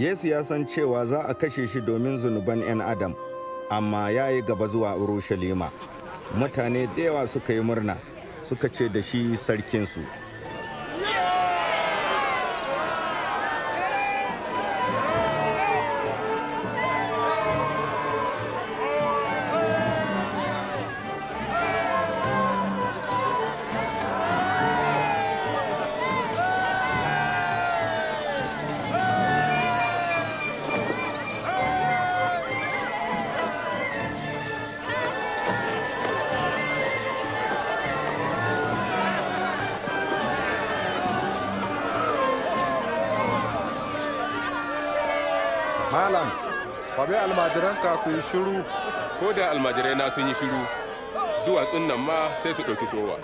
Yesu ya san cewa za a kashe shi domin zunuban 'yan Adam, amma ya yi gaba zuwa Urushalima. Mutane da yawa suka yi murna, suka ce da shi sarkinsu. malam kwabe almajiranka su yi shiru ko da almajirai na sun yi shiru duwatsun nan ma sai su ɗauki sowa